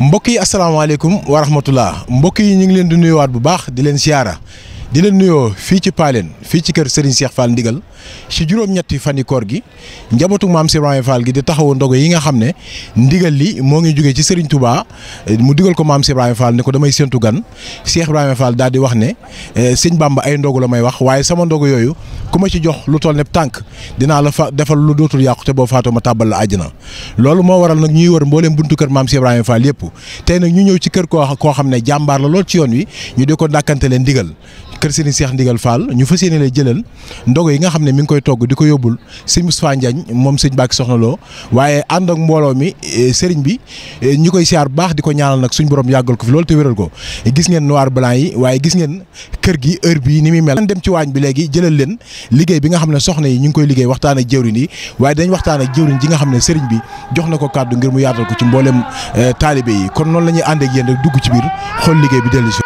mbokk yi asalaamaaleykum wa rahmatullah mbokk yi ñu ngi leen di nuyowaat bu baax di leen siyaara di leen nuyoo fii ci Paaleen fii ci kër Serigne Cheikh Fall Ndigal ci juróom-ñetti fani koor gi njabootu maam si Ibrahima Fall gi di taxawu ndogo yi nga xam ne ndigal li moo ngi jógee ci Serigne Touba mu digal ko maam si Ibrahima Fall ne ko damay séntu gan Cheikh Ibrahima Fall daal di wax ne eh, sëñ Bamba ay ndogu la may wax waaye sama ndogu yooyu ku ma ci jox lu toll ne tànk dinaa la fa defal lu dootul yàqu te boo faatoo ma tàbbal la àjjana loolu moo waral nag ñuy wër mbooleem buntu kër maam si Ibrahima Fall yëpp tey nag ñu ñëw ci kër koo xam ne jàmbaar la lool ci yoon wi ñu di ko dàkkante leen ndigal kër Serigne Cheikh Ndigal Fall ñu fas yéene jëlal ndogo yi nga xam ne mi ngi koy togg di ko yóbbul sëñ Moustapha Ndiagne moom sëñ Bakki Soxna Lo waaye ànd ak mbooloo mi eh, sëriñ bi eh, ñu koy siyaar baax di ko ñaanal nag suñ borom yàggal ko fi loolu te wéral ko gis ngeen noir blanc yi waaye gis ngeen kër gi heure bi ni muy mel dem ci waañ bi léegi jëlal leen liggéey bi nga xam ne soxna yi ñu ngi koy liggéey waxtaan ak jëwriñ yi waaye dañ waxtaan ak jëwriñ ji nga xam ne sëriñ bi jox na ko kàddu ngir mu yaatal ko ci mboolem eh, taalibe yi kon noonu la ñuy ànd ak yéen dugg ci biir xool liggéey bi dellu si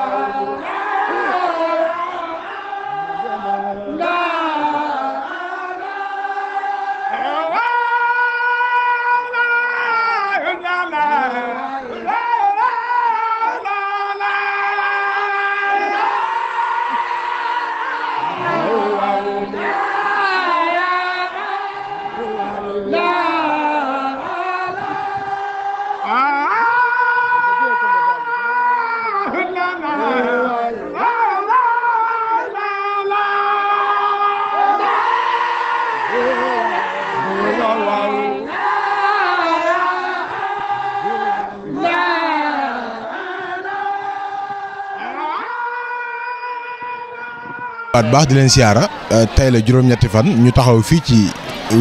nuyuwaat baax di leen siyaara euh, tey la juróom-ñetti fan ñu taxaw fii ci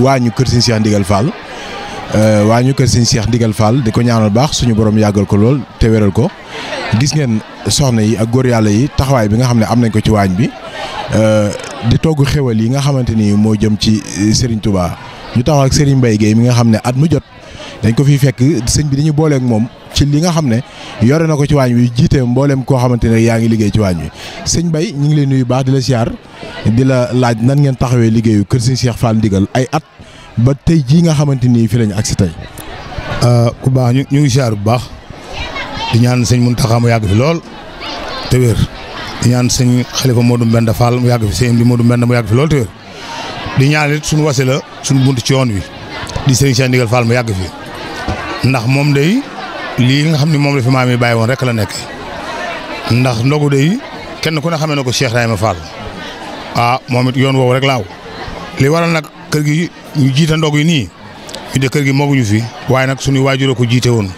waañu kër Serigne Cheikh Ndigal Fall euh, waañu kër Serigne Cheikh Ndigal Fall di ko ñaanal baax suñu boroom yàggal ko lool te wéral ko gis ngeen soxna yi ak góor yàlla yi taxawaay bi nga xam ne am nañ ko ci waañ bi euh, di togg xéwal yi nga xamante ni moo jëm ci Serigne tubaa ñu taxaw ak Serigne Mbaye Guèye mi nga xam ne at mu jot dañ ko fiy fekk sëñ bi dañu booleek moom. ci li nga xam ne yore na ko ci waañ wi jiite mboolem koo xamante ne yaa ngi liggéey ci waañ wi sëñ Bay ñu ngi lay nuyu baax di la siyaar di la laaj nan ngeen taxawee liggéeyu kër sëñ Cheikh Fall Ndigal ay at ba tey jii nga xamante ni fi lañ agsi tey. Ah, ku baax ñu ñu ngi siyaar bu baax di ñaan sëñ Muntaxa mu yàgg fi lool te wér di ñaan sëñ Xalifa Modou Mbenda Fall mu yàgg fi sëñ bi Modou Mbenda mu yàgg fi lool te wér di ñaan it suñu wase la suñu bunt ci yoon wi di sëriñ Cheikh Ndigal Fall mu yàgg fi ndax moom day lii nga xam ne moom la fi maam yi bàyyi woon rek la nekk ndax ndogu day kenn ku ne xamee na ko Cheikh ma Fall ah moom yoon woowu rek laaw li waral nag kër gi ñu jiite ndog yi nii ñu de kër gi mooguñu fi waaye nag suñu waajuroo ko jiite woon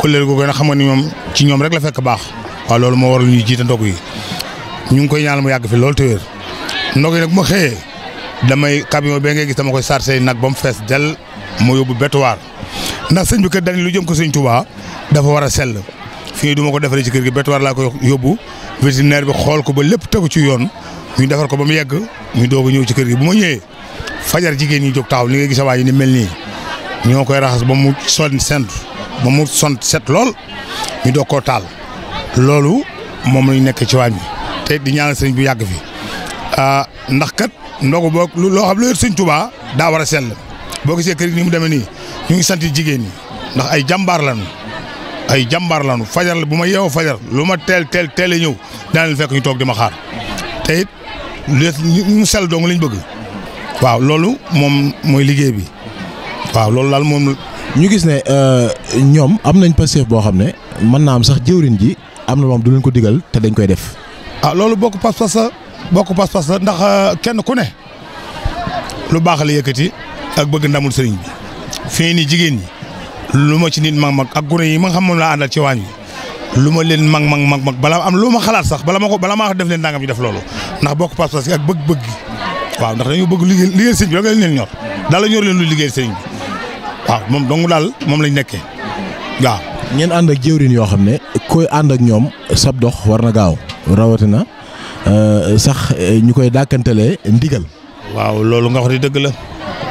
kolleer gu gën a xam ni ñoom ci ñoom rek la fekk baax waaw loolu moo waral ñuy jiite ndog yi ñu ngi koy ñaanal mu yàgg fi loolu te wér ndog yi nag bu ma xëyee damay camion bee ngay gis dama koy chargé nag ba mu fees dell mu yóbbu bétuwaar ndax sëñ bi kat dañ lu jëm ko sëñ dafa war a sell fii du ma ko defaree ci kër gi bett war laa ko yóbbu vétérinaire bi xool ko ba lépp tegu ci yoon ñu defar ko ba mu yegg ñu doog a ñëw ci kër gi bu ma ñëwee fajar jigéen ñi jóg taxaw li nga gis waa ji ni mel nii ñoo koy raxas ba mu son sent ba mu son set lool ñu doog koo taal loolu moom lañ nekk ci waañ bi te di ñaanal sëñ bu yàgg fi ah, ndax kat ndogu boog loo xam lu yor sëñ Touba daa war a sell boo gisee kër gi ni mu demee nii. ñu ngi sant jigéen ñi ndax ay jàmbaar lañu ay jàmbaar lañu fajar bu ma yeewoo fajar lu ma teel teel teel a ñëw daan leen fekk ñu toog di ma xaar te it ñu sell dong lañ bëgg waaw loolu moom mooy liggéey bi waaw loolu laal moom. ñu gis ne euh, ñoom am nañ passif boo xam ne mën naa am sax jëwrin ji am na moom du leen ko digal te dañ koy def. ah loolu bokk pas-pas la bokk pas-pas la ndax euh, kenn ku ne lu baax la yëkkati ak bëgg ndamul sëriñ bi. fii nii jigéen ñi lu ma ci nit mag mag ak gune yi ma nga xam moom laa àndal ci waañ bi lu ma leen mag mag mag mag balaa am lu ma xalaat sax bala ma ko bala maa def leen ndàngam ñu def loolu ndax bokk pas-pas gi ak bëgg-bëgg gi waaw ndax dañoo bëgg liggéey liggéey sëñ bi rek lañ leen ñor daal la ñor leen lu liggéey sëñ bi waaw moom dong daal moom lañ nekkee waaw. ngeen ànd ak jëwriñ yoo xam ne koy ànd ak ñoom sab dox war na gaaw rawatina euh, sax euh, ñu koy dàkkantelee ndigal. waaw loolu nga dëgg la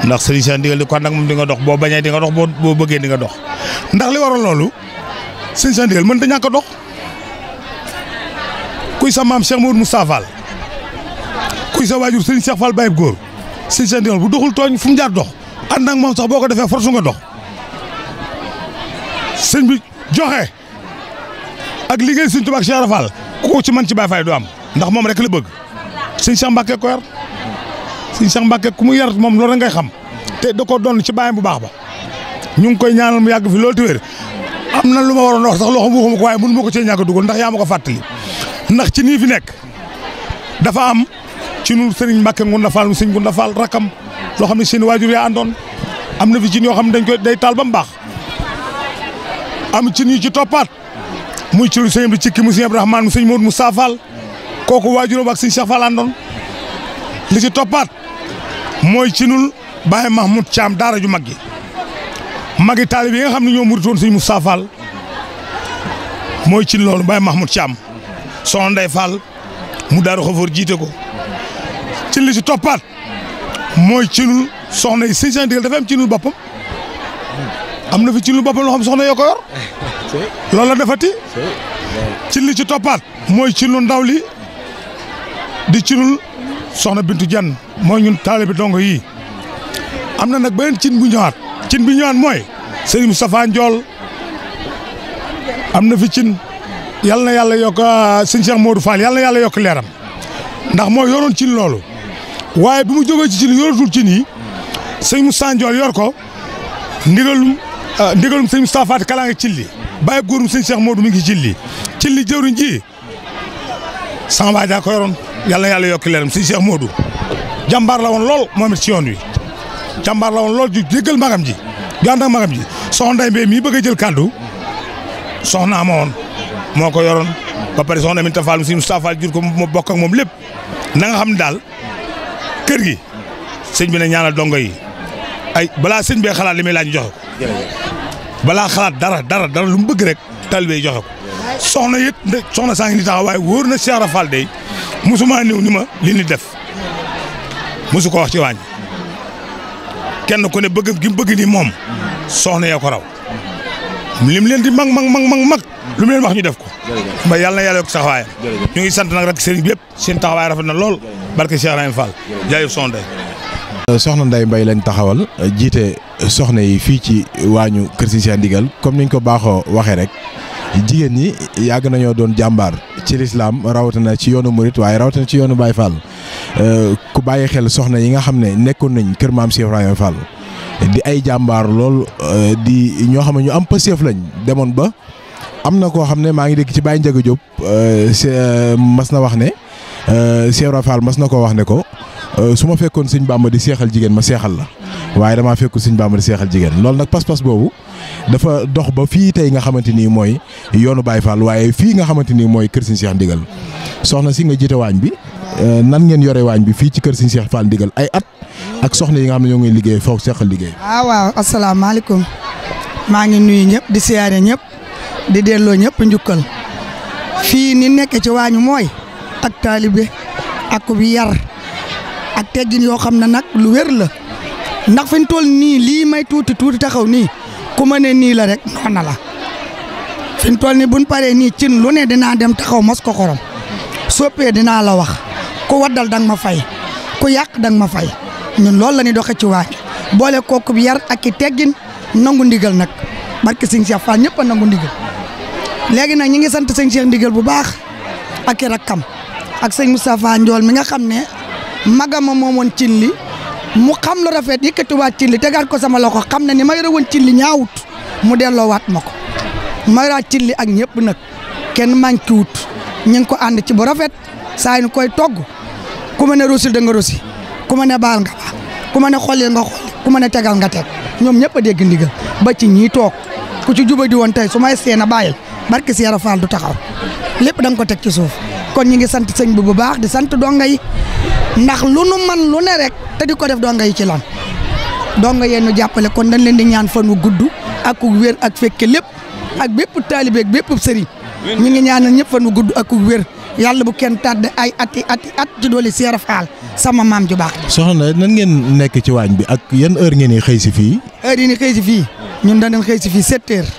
ndax sëriñ Cheikh ndigal ko nag moom di nga dox boo bañee di nga dox boo boo bëggee di nga dox ndax li waral loolu sëriñ Cheikh ndigal mën ta ñàkk dox kuy sa maam Cheikh Mouhamadou Moustapha Fall kuy sa waajur sëriñ Cheikh Fall Baye góor sëriñ Cheikh bu doxul tooñ fu mu jaar dox ànd ak moom sax boo ko defee force nga dox sëñ bi joxe ak liggéey sëriñ Tuubaa ak Cheikh Fall ku ko ci man ci Baye Fall du am ndax moom rek la bëgg sëriñ Cheikh Mbacke ko sëñ Cheikh Mbacke ku mu yar moom loolu ngay xam te da ko doon ci bàyyam bu baax ba ñu ngi koy ñaanal mu yàgg fi loolu téwéer am na lu ma waroon wax sax loo xam waxuma ko waaye mënu ma ko cee ñàkk dugal ndax yaa ma ko fàttali ndax ci nii fi nekk dafa am ci nu sëriñ Mbacke Ngounda Fall mu sëñ Ngounda Fall rakam loo xam ne seen waajur yaa àndoon am na fi ci ñoo xam ne dañ koy day taal ba mu baax am ci ñu ci toppaat muy ci lu sëñ bi cikki mu sëñ Abdourahmane mu sëñ kooku waajuram ak sëñ Cheikh Fall àndoon li ci toppaat mooy cinul Baye Mahmoud Thiam daara ju mag gi magi taalib yi nga xam ne ñoo muritoon suñu Moustapha Fall mooy cin loolu Baye Mahmoud Thiam soxna Ndeye Fall mu daaru xafoor jiite ko ci li ci toppaat mooy cinul soxna yi sëñ seen digal dafa am cinul boppam am na fi cinul boppam loo xam soxna yoo ko yor loolu defati ci li ci toppaat mooy cinul ndaw li di cinul soxna Bintu jan mooy ñun taalibe dongo yi am na nag beneen cin bu ñëwaat cin bi ñëwaat mooy Serigne Moustapha Ndiol am na fi cin yal na yàlla yokk ah, sëñ Cheikh Modou Fall yal yàlla yokk leeram ndax moo yoroon cin loolu waaye bi mu ci cin yoratul cin yi sëñ Moustapha Ndiol yor ko ndigalum ah, ndigalum sëñ Moustapha Faty Kala cin li bàyyi góorum sëñ Cheikh Modou mi ngi cin li cin li jëwriñ ji sama baay daa yàlla na yàlla yokk leeram si Cheikh Modou jàmbaar la woon lool moom it si yoon wi jàmbaar la woon lool ju jéggal magam ji ju ànd magam ji soxna Ndeye Mbaye mii bëgg a jël kàddu soxna ma woon moo ko yoroon ba pare soxna Aminta Fall si Moustapha jur ko mu bokk ak moom lépp na nga xam daal kër gi sëñ bi ne ñaanal dongo yi ay balaa sëñ bee xalaat li muy laaj joxe ko balaa xalaat dara dara dara lu mu bëgg rek talibé joxe ko soxna yëpp soxna saa ngi ni taxaw waaye wóor na musuma ñëw ni ma li ni def mësu ko wax ci waañ kenn ku ne bëgg gi bëgg ni moom soxna ya ko raw lim leen di mag mag mag mag mag lu mu leen wax ñu def ko mba yàlla na yàlla yokk saxawaayam ñu ngi sant nag rek sëriñ bi yëpp seen taxawaay rafet na lool barke Cheikh Rahim Fall jaayëf soxna Ndeye euh, soxna Ndeye Mbaye taxawal jiite soxna yi fii ci waañu kër si seen ndigal comme niñ ko baaxoo waxee rek jigéen ñi yàgg nañoo doon jàmbaar ci lislaam rawatina ci yoonu murit waaye rawatina ci yoonu Baye Fall euh, ku bàyyi xel soxna yi nga xam ne nekkoon nañ kër maam Cheikh Ibrahima Fall di ay jàmbaar lool euh, di ñoo xam ne ñu am pasef lañ demoon ba am na koo xam ne maa ngi dégg ci Baye Ndiaga Diop euh, mas na wax ne Cheikh Ibrahima Fall mas na koo wax ne ko su ma fekkoon sëñ Bàmba di seexal jigéen ma seexal la waaye damaa fekku sëñ Bàmba di seexal jigéen loolu nag pas-pas boobu. dafa dox ba fii tey nga xamante ni mooy yoonu Baye Fall waaye fii nga xamante ni mooy kër Serigne Cheikh Ndigal soxna si nga jiite waañ bi euh, nan ngeen yore waañ bi fii ci kër Serigne Cheikh Fall Ndigal ay at ak soxna yi nga xam ne ñoo ngi liggéey foofu seqal liggéey. waaw ah, waaw asalaamaaleykum maa ngi nuyu ñëpp di siyaare ñëpp di delloo ñëpp njukkal fii ni nekk ci waañu mooy ak taalibe ak bi yar ak teggin yoo xam ne nag lu wér la ndax fi ñu toll nii lii may tuuti tuuti taxaw nii. ku ma ne nii la rek noona la fi mu toll nii paree nii cin lu ne dinaa dem taxaw mos ko xorom soppee dinaa la wax ku waddal danga ma fay ku yàq danga ma fay ñun loolu la ñuy doxee ci waañ boole kooku bi yar ak i teggin nangu ndigal nag barke sëñ Cheikh Fall ñëpp a nangu ndigal léegi nag ñi ngi sant sëñ Cheikh ndigal bu baax ak i rakkam ak sëñ Moustapha Ndiol mi nga xam ne magama moomoon cin li mu xam lu rafet yi yëkkatiwaat ci li tegaat ko sama loxo xam ne ni may yore woon ci li ñaawut mu delloowaat ma ko ma yoraat ci li ak ñëpp nag kenn manqué wut ñu ngi ko ànd ci bu rafet saa ñu koy togg ku mën a rosil da nga rosi ku mën a baal nga baal ku ma ne xolli nga xolli ku mën a tegal nga teg ñoom ñëpp a dégg ndigal ba ci ñii toog ku ci juba di woon tey su may seen a bàyyil barki Seera Faal du taxaw lépp da nga ko teg ci suuf. kon ñi ngi sant sëñ bi bu baax di sant donga yi ndax lu nu man lu ne rek te di ko def donga yi ci lan donga yee nu jàppale kon dañ leen di ñaan fan wu gudd ak ku wér ak fekke lépp ak bépp taalibe ak bépp sëriñ ñi ngi ñaanal ñëpp fan wu gudd ak ku wér yàlla bu kenn tàdd ay ati ati at ci doole seera faal sama maam ju baax. soxna nan ngeen nekk ci waañ bi ak yan heure ngeen i xëy si fii. heure yi ni xëy si fii ñun danañ xëy si fii sept heures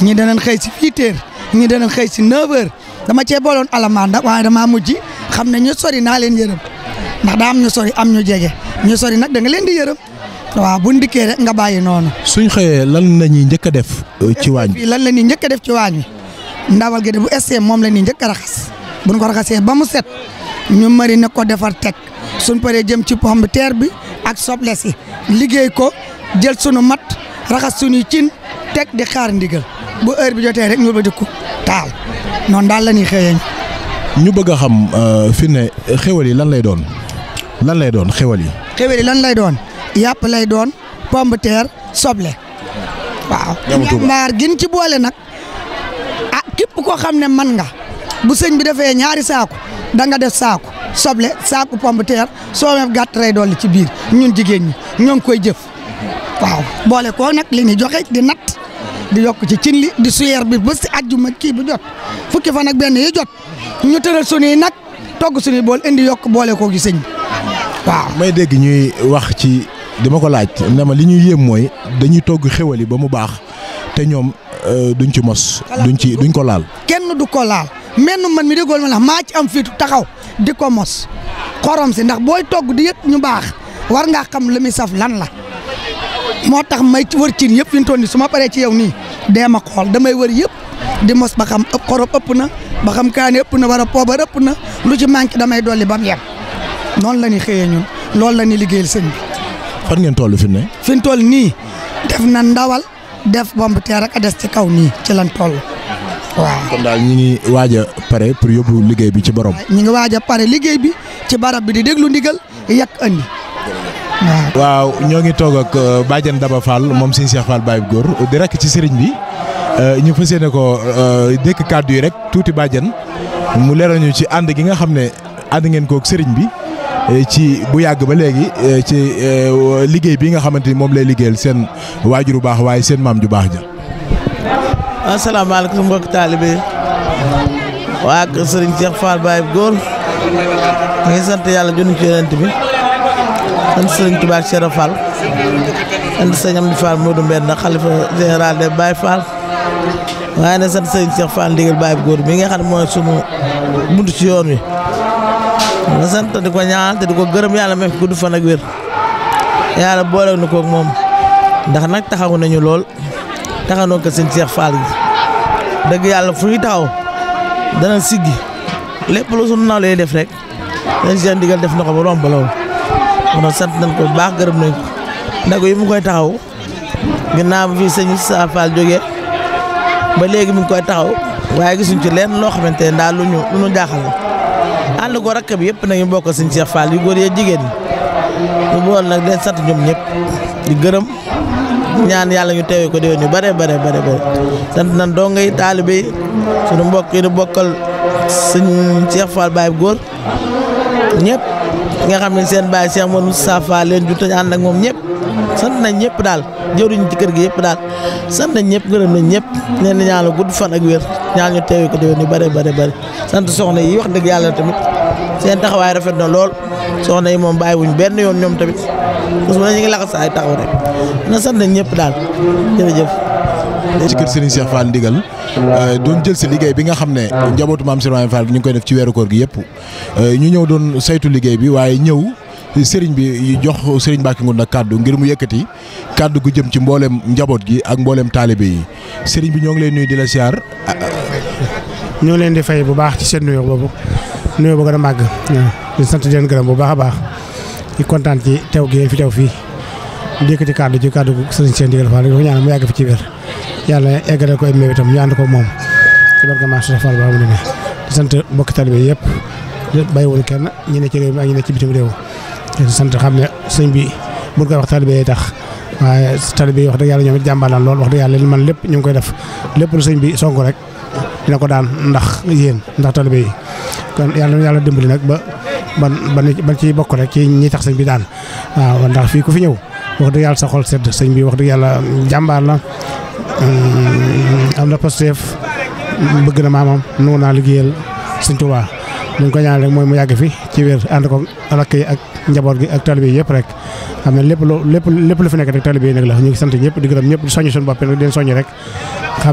ñii danañ xëy si huit heures ñii danañ xëy si neuf dama cee booloon alamaan nag waaye damaa mujj xam ne ñu sori naa leen yërëm ndax daa am ñu sori am ñu jege ñu sori nag da nga leen di yërëm waaw bu ndikkee rek nga bàyyi noonu. suñ xëyee lan la ñuy njëkk a def. Euh, ci waañ lan la ñuy njëkk a def ci waañ wi ndawal gi de bu essee moom la ñuy njëkk a raxas bu ñu ko raxasee ba mu set ñu mari ne ko defar teg suñ paree jëm ci pomme de terre bi ak soble si liggéey ko jël suñu mat raxas suñuy cin teg di xaar ndigal bu heure bi jotee rek ñu ba di ko taal. noonu daal la ñuy xëyee. ñu bëgg a xam euh, fi ne xéwal yi lan lay doon lan lay doon xéwal yi. xéwal yi lan lay doon yàpp lay doon pomme de terre soble. waaw ñambaar gin ci boole nag ah képp koo xam ne man nga bu sëñ bi defee ñaari saaku danga def saaku soble saaku pomme de terre soomef gàtt lay dolli ci biir ñun jigéen ñi ñoo ngi koy jëf waaw boole koo nag li ñu joxe di natt. di yokk ci cin li di suyeer bi ba si àjjuma kii bu jot fukki fan ak benn yi jot ñu tëral suñuy nag togg suñuy bool indi yokk boole koo gi sëñ waaw. may dégg ñuy wax ci dama ko laaj ma li ñuy yéem mooy dañuy togg xéwal yi ba mu baax te ñoom euh, duñ ci mos. duñ ci duñ ko laal. kenn du ko laal menn man mi déggoo ma la maa ci am fiitu taxaw di ko mos xorom si ndax booy togg di yëpp ñu baax war ngaa xam li mi saf lan la. moo tax may wër cin yëpp fi mu toll nii su ma paree ci yow nii dee ma xool damay wër yëpp di mos ba xam ëpp xorob ëpp na ba xam kaani ëpp na war wala poobar ëpp na lu ci manqué damay dolli ba mu yem noonu la ñuy xëyee ñun loolu la ñuy liggéeyal sëñ bi. fan ngeen toll fi ne. fi mu nii def na ndawal def bomb teer ak a des ci kaw nii ci lan toll. waaw kon daal ñu ngi waaj a pare pour yóbbu liggéey bi ci borom. ñu ngi waaj pare liggéey bi ci barab bi di déglu ndigal yàq andi. waaw ñoo ngi toog ak euh, Badiane Daba Fall moom Serigne Cheikh Fall Baye Góor di rek ci sëriñ bi euh, ñu fas yéene ko euh, dékk kàddu yi rek tuuti Badiane mu leeral ñu ci ànd gi nga xam ne ànd ngeen kook sëriñ bi ci bu yàgg ba léegi ci liggéey bi nga xamante ni moom lay liggéeyal seen waajur bu baax waaye seen maam ju baax ja. asalaamaaleykum mbokk taalibe waa Serigne Cheikh Fall Baye Góor ñu ngi sant yàlla junni ci yonent bi. sant sëriñ Tuubaa ak Cheikh Fall sant sëriñ Amdi Fall Modou Mbène xalifa général de Baye Fall waaye nag sant sëriñ Cheikh ndigal Baye góor bi nga xam ne mooy sunu bunt ci yoon wi nga sant di ko ñaanal te di ko gërëm yàlla may fi gudd fan ak wér yàlla boole na ko moom ndax nag taxaw nañu lool taxaw na ko sëriñ Cheikh Fall dëgg yàlla fu ñu taxaw dana siggi lépp lu sunu def rek sëriñ Cheikh ndigal def na ko ba romb lool kon sant nañ ko bu baax gërëm nañ ko ndago yi mu koy taxaw ginnaaw bi fii sëñ Sa Fall jógee ba léegi mu ngi koy taxaw waaye gisuñ ci lenn loo xamante ne daal lu ñu lu ñu jaaxal la ànd ko rakk bi yëpp nag ñu bokk sëñ Cheikh Fall yu góor yee jigéen ñi ñu bool nag leen sant ñoom ñëpp di gërëm ñaan yàlla ñu teewee ko déwén ñu bare bare bare bare sant nañ donga yi taalibe yi suñu mbokk yi ñu bokkal sëñ Cheikh Fall góor ñëpp nga xam ne seen baay Cheikh Mouhamadou Moustapha leen jur te ànd ak moom ñëpp sant nañ ñëpp daal jëruñu ci kër gi yëpp daal sant nañ ñëpp gërëm nañ ñëpp nee na gudd fan ak wér ñaan ñu teewee ko déwén yu bare bare sant soxna yi wax dëgg yàlla tamit seen taxawaay rafet na lool soxna yi moom bàyyiwuñ benn yoon ñoom tamit parce que ñu ngi laxas ay taxaw rek na sant nañ ñëpp daal jërëjëf. ci kër Serigne Cheikh Fall ndigal euh, doon jël si liggéey bi nga xam ne njabootu maam Serigne Fall ñu ngi koy def ci weeru koor gi yëpp euh, ñu ñëw doon saytu liggéey bi waaye ñëw sëriñ bi jox sëriñ Mbacke Ngounda nag kàddu ngir mu yëkkati kàddu gu jëm ci mboolem njaboot gi ak mboolem taalibe yi sëriñ bi ñoo ngi leen nuyu di la siyaar. ñoo leen di fay bu baax ci seen nuyoo boobu nuyoo ba màgg sant di leen bu baax a baax di kontaan ci teew gi fi teew fii di yëkkati kàddu ci kàddu gu sëriñ seen digal mu yàgg fi ci weer yàlla eggale ko ay mébétam ñu ànd ko moom ci barke Maam Cheikh Fall ba mu ne ne di sant mbokki talibé yëpp bàyyiwul kenn ñu ne ci réew mi ak ñu ne ci bitim réew di sant xam ne sëñ bi buñ koy wax talibé yi tax waaye talibé yi wax dëgg yàlla ñoom it jàmbaar lool wax dëgg yàlla li man lépp ñu ngi koy def lépp lu sëñ bi sonk rek ko daan ndax yéen ndax talibé yi kon yàlla yàlla dimbali nag ba ban ban ci bokk rek ci ñi tax sëñ bi daan waaw ndax fii ku fi ñëw wax dëgg yàlla sa xol sedd sëñ bi wax dëgg yàlla jàmbaar la am na Pastef bëgg na maamam nu naa liggéeyal Sëñ Tuubaa ñu ko ñaan rek mooy mu yàgg fi ci wér ànd ko rakk yi ak njaboot gi ak talibé yi yëpp rek xam ne lépp loo lépp lépp lu fi nekk rek talibé yi nag la ñu ngi sant ñëpp di gërëm ñëpp di soññ suñu bopp nag di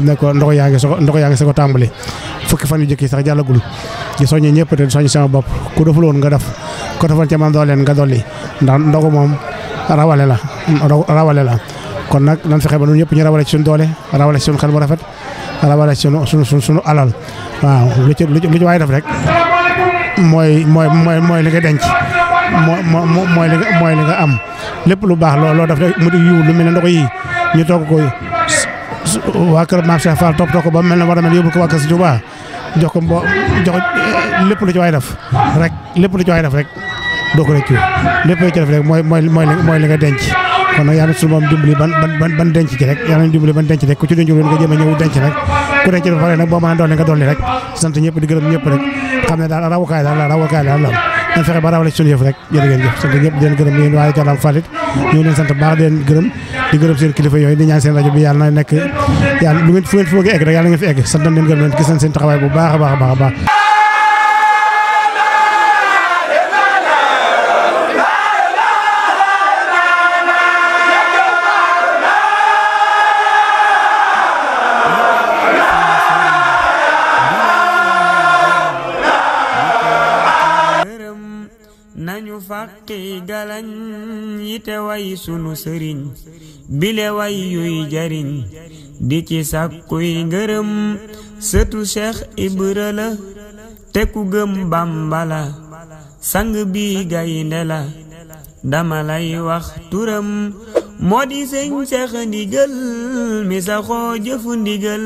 leen ko ndox yaa soo ndox yaa ngi ko tàmbali fukki fan yu jëkk yi sax jàllagul di soññ ñëpp te di soññ sama bopp ku deful woon nga def ko defoon ca man doo leen nga dolli ndax ndogu moom rawale la rawale la kon nag nan fexe ba ñun yëpp ñu rawale ci suñu doole rawale ci suñu xel bu rafet rawale ci suñu suñu suñu alal waaw lu ci lu ci waay def rek mooy mooy mooy mooy li nga denc moo mooy li mooy li nga am lépp lu baax loo loo def rek mu di yiw lu mel ne ndox ñu togg ko waa kër Maam Cheikh Fall toppatoo ko ba mel ne war a mel ko waa kër si jox ko mbo jox eh, lépp lu ci waay def rek lépp lu ci waay def rek doo ko rek lépp lu ci def rek mooy mooy mooy li nga denc. kon nag yàlla suñu moom dimbali ban a ñëw ba a ba rawale baax di gërëm di gërëm seen kilifa yooyu di ñaan seen rajo bi yàlla na nekk yàlla lu fu egg rek yàlla gërëm leen seen taxawaay bu baax baax baax yi galañ yite way sunu sëriñ way yuy jariñ di ci sàkkuy ngërëm sëtu cheikh ibra la te ku gëm bàmba la sang bi gaynde la dama lay wax turam moo di sëñ cheikh ndigal mi saxoo jëfu ndigal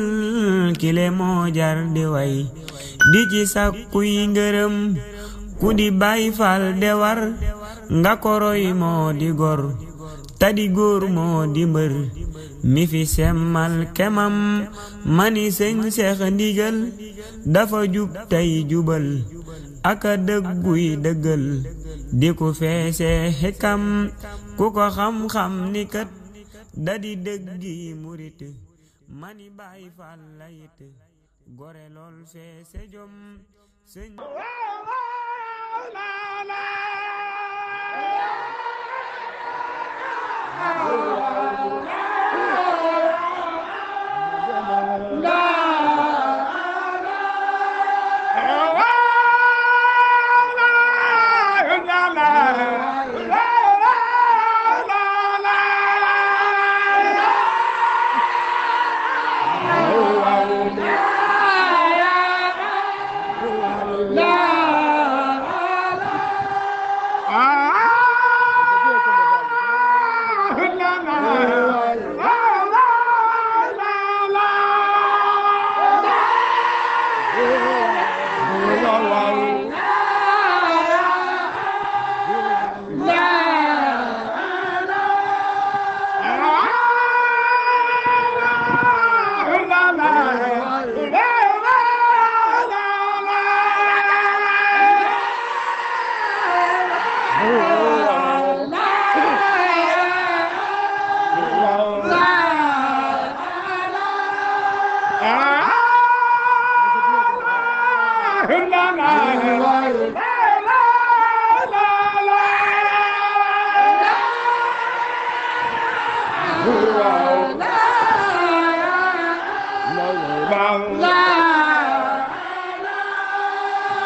kile jar di way di ci sàkkuy ngërëm ku di bay de war nga koroy moo di gor tadi góor moo di mbër mi fi semmal kemam mani sëñ seex ndigal dafa jub tey jubal aka dëgguy dëggal di ku feese xikam ku ko xam-xam ni kat dadi dëggi murit mani baay la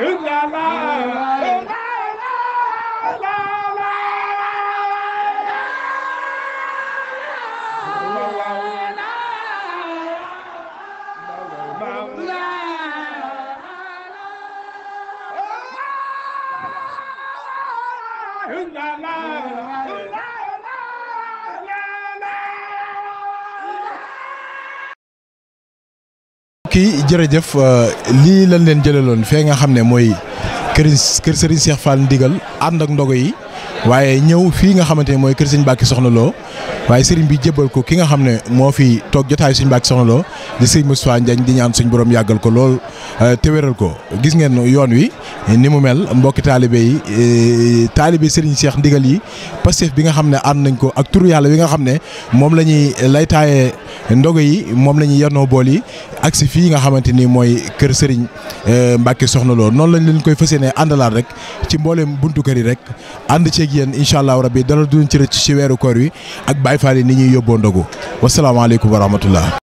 Huzala. mbokk yi jërëjëf euh, lii lañ leen jëlaloon fee nga xam ne mooy kër kër Serigne Cheikh Fall ndigal ànd ak ndogo yi waaye ñëw fii nga xamante ne mooy kër Serigne Mbacke Soxna Lo waaye Serigne bi jébbal ko ki nga xam ne moo fi toog jotaay Serigne Mbacke Soxna Lo di Serigne Moustapha Ndiagne di ñaan suñu borom yàggal ko lool euh, te ko gis ngeen yoon wi ni mu mel mbokki taalibe yi euh, taalibe sëriñ Cheikh ndigal yi Pastef bi nga xam ne ànd nañ ko ak turu yàlla wi nga xam ne moom la ñuy laytaaye ndogo yi moom la ñuy yanoo bool yi ak si fii nga xamante ni mooy kër Serigne euh, mbakki soxna loolu noonu lañ leen koy fas yéenee àndalaat rek ci mboolem buntu kër yi rek ànd ceeg yéen incha allahu rabi dara du ci rëcc ci weeru koor wi ak Baye Fall yi ni ñuy yóbboo ndogu wasalaamaaleykum wa rahmatullah